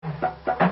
Bye.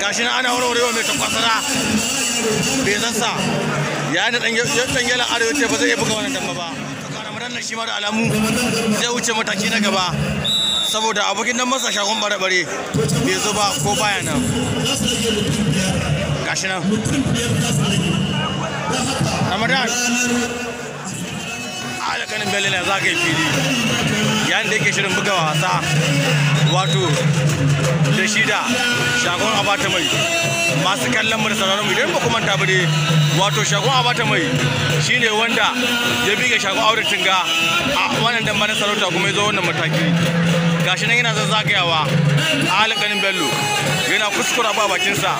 gashi na ana warwarewa mai takwasara bai ya yayin da ɗangelen arewa ce ba zai iya buga wani damba ba ramadan na shi ma da alamu zai wuce mataki na gaba saboda abokin dan masa shagon bare-bare bai zo ba ko baya nan gashi nan ramadan da kanin bello na zagaye fili yayin da yake shirin buga wasa wato da shi da shagon abata mai masu kallon mu da sauraron mu idan ba kuma ba dai wato shagon abata mai shine wanda ya bige shagon aure tunga. a wannan dan bana sarauta kuma ya zo wannan mataki gashi nan yana zazzagayawa a halin ganin bello yana kuskura ba bakinsa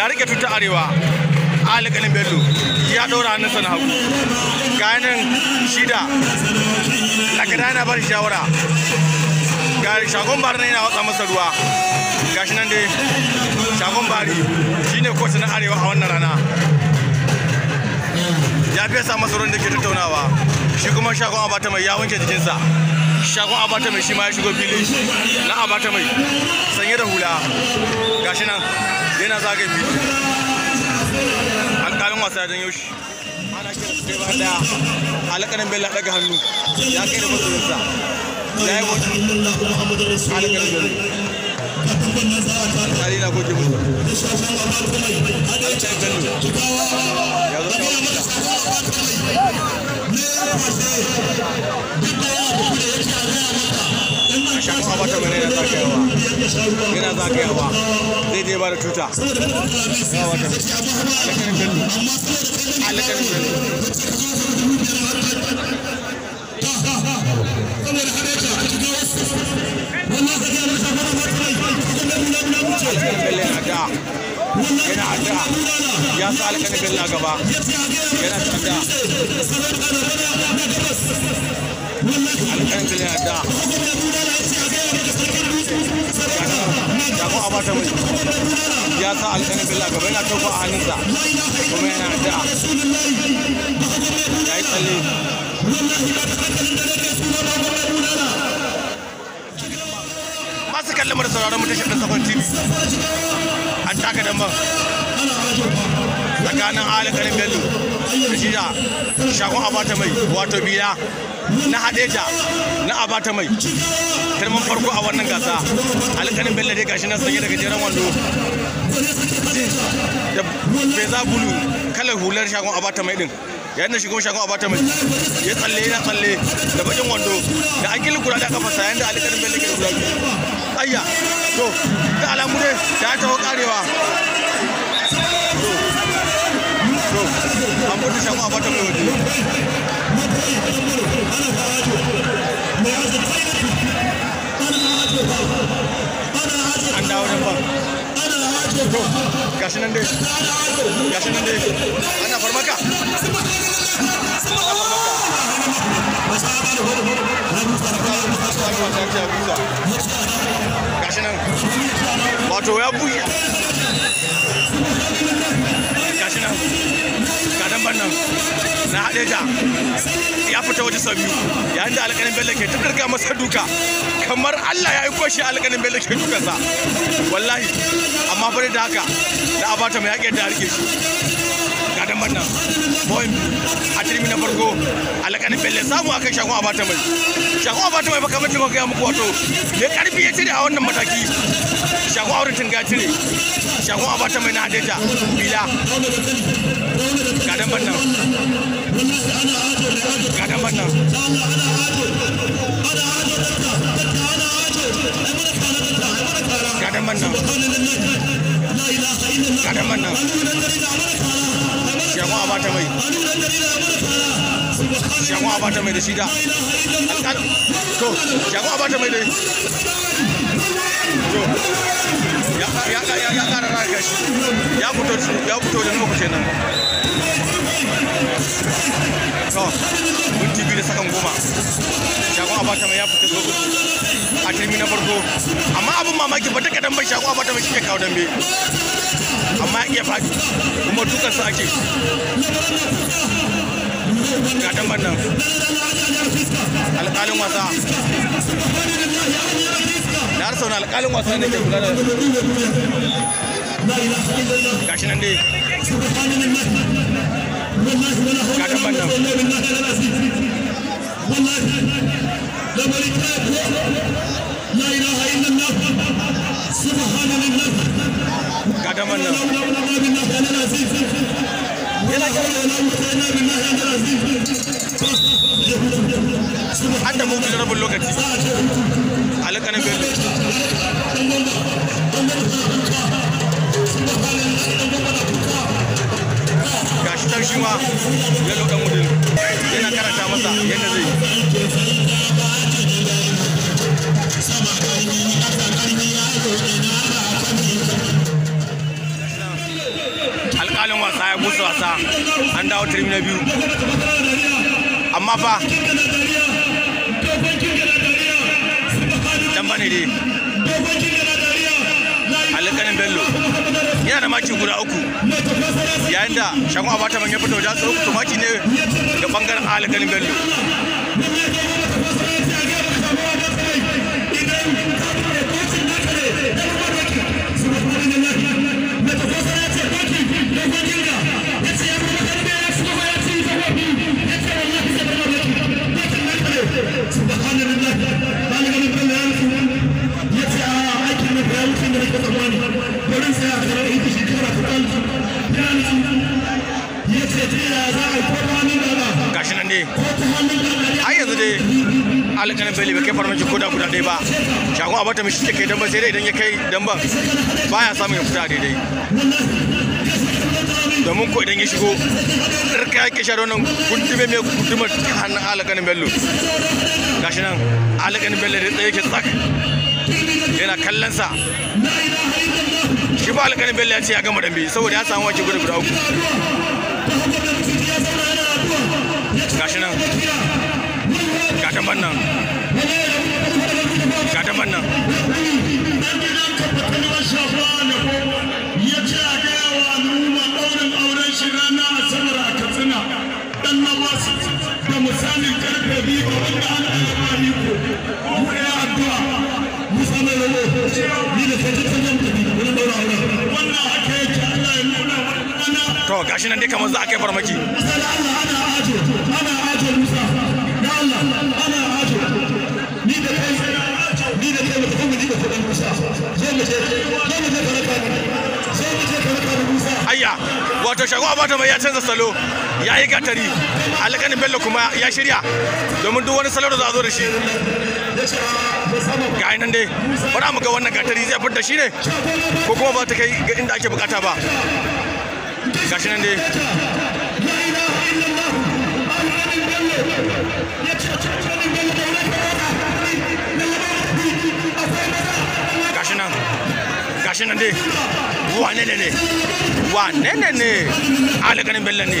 ya rike tuta arewa alikalin bello ya ɗora hannunsa sana hagu ganin shida lakada yana bari shawara ga shagon bari yana watsa masa ruwa shi nan dai shagon bari shine kotu na arewa a wannan rana ya fesa masa ruwan da ke tattaunawa shi kuma shagon abata mai ya wanke jikinsa shagon abata mai shi ma ya shigo fili na abata mai sanye da hula Ga shi nan yana zagaye fili daɗin wasa ya janyo shi ana kira su ba da alƙarin bella daga hannu ya kai da matsayinsa ya yi wani alƙarin bella tsari na a sha yana zai je ba da tuta wata bello bello yana ya sa gaba yana fata mai ya sa alƙanin billa gaba yana tofa a hannunsa kuma yana da ya yi tsalle masu kallon da sauraron mu tashar sakon tv an taka tsakanin ali garin bello da shi da shakon abata mai wato biya na hadeja na abata mai kalman farko a wannan gasa alƙarin bello dai gashi nan sanye daga jeren wando da beza bulu kalar hular shagon abata mai din yayin da shigo shagon abata mai ya tsalle yana tsalle da bakin wando da an kila kula da kafarsa yayin da alƙarin bello ke da ayya to da alamu dai ta ta karewa ambuti shamu apata mwewedi an dawo da ana farmaka wato Madeja ya fita waje sau biyu yayin da alƙalin Bello ke ta ɗirga masa duka kamar Allah ya yi koshi alƙalin Bello ke dukansa wallahi amma fa da haka da abata mai yaƙi da harke shi damban nan point a turmi na farko alƙani belle samu akan shagon abata mai shagon abata mai baka mutum ga muku wato ya karfi ya cire a wannan mataki shagon auratin ga cire shagon abata mai na hadeja bila ga damban nan ga damban nan ga damban nan bata mai shagon bata mai da shida to shagon bata mai da to ya kara raka shi ya fito ya fito da nufa kenan to minti biyu da sakan goma shagon bata mai ya fita so a turmi na farko amma abin mamaki ba ta kadan bai shagon bata mai shi ke kawo dambe amma iya faɗi kuma dukan su ake ga dan bannan alƙalin wasa na harsa na alƙalin wasa ne ke kula da gashi nan dai ga dan bannan لا إله إلا الله Gadaman nan. Gashi shi ma yalo yana karanta masa yadda zai yi. wasa ya kusa wasa an dawo turmi na biyu amma fa can bane dai alƙalin bello yana da maki guda uku yayin da shagun abata man ya fito da su to ne ga bangaren alƙalin bello dai alƙalin beli bai kai farmaki ko da guda ɗaya ba a bata mishi take dan ba sai dai idan ya kai dan ba baya samun ya fita daidai domin ko idan ya shigo ɗarka yake sha wannan gundume mai gundumar hannun alƙalin bello gashi nan alƙalin bello da yake tsak yana kallonsa shi ba alƙalin bello ya ce ya gama dambe saboda ya samu wace guda guda uku gashi nan daban nan ga daban nan a auren a katsina karfe to gashi nan dai kamar za a kai farmaki. Allah ana ajo ana ajo Musa mayya wato shago abata mai ya canza salo ya yi gatari alƙani bello kuma ya shirya domin duk wani salo da za a zo da shi ga nan dai bara mu ga wannan gatari zai fitar shi ne ko kuma ba ta kai ga inda ake bukata ba ga shi nan dai ga shi nan gashi nan dai wane ne ne wane ne ne bello ne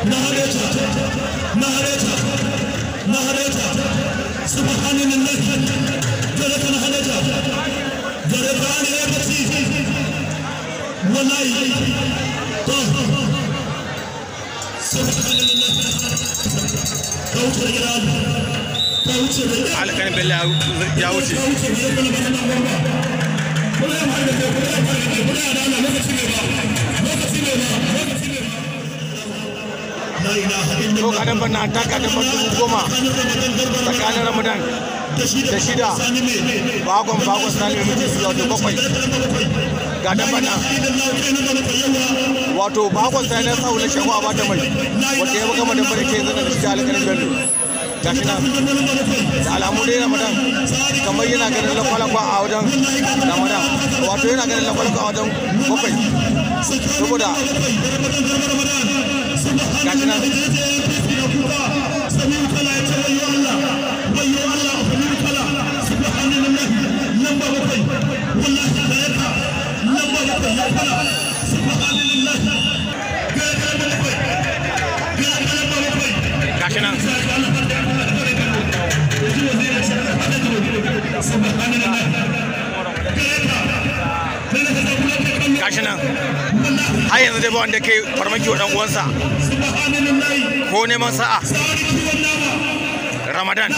Mahareta, Mahareta, Mahareta, Mahareta, سبحان الله جربنا هلجا جربنا يا بسي والله طه سبحان الله كوثر جلال كوثر على كان بالله يا وجهي ولا يا محمد ولا يا محمد ولا يا محمد ولا يا محمد to kadan banna ta kadan ban dubu goma tsakanin ramadan da shida bagon bagon sani mai mutum su wato bakwai ga da bana wato bagon sani na saula shagwa ba ta mai wata ya gama da farke zana da shi shida alƙalin bello gashi nan da alamu dai ramadan kamar yana ganin lakwalakwa a wajen ramadan wato yana ganin lakwalakwa a wajen bakwai saboda Gotcha. har yanzu dai ba wanda kai farmaki wa dan uwansa ko neman sa'a ramadan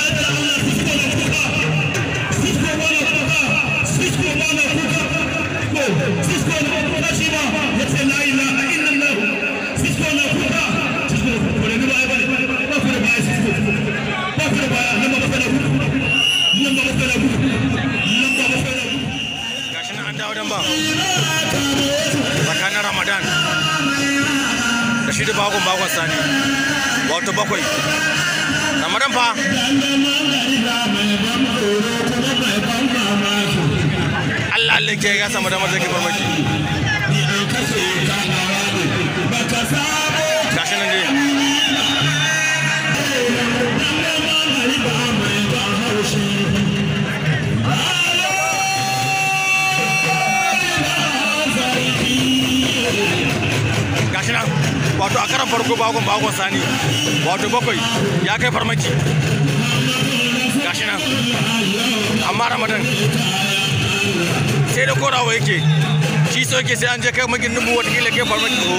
an dawo dan ba tsakanin ramadan da shi da bakon bakon sani wato bakwai ramadan fa Allah Allah ke ya samu damar zaki farmaki wato a karan farko bagon bagon sani wato bakwai ya kai farmaki gashi nan amma ramadan sai da korawa yake shi so yake sai an je kai magin nubu kila kai farmaki ko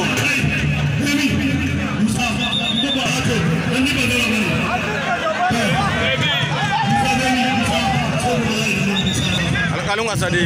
alƙalin wasa dai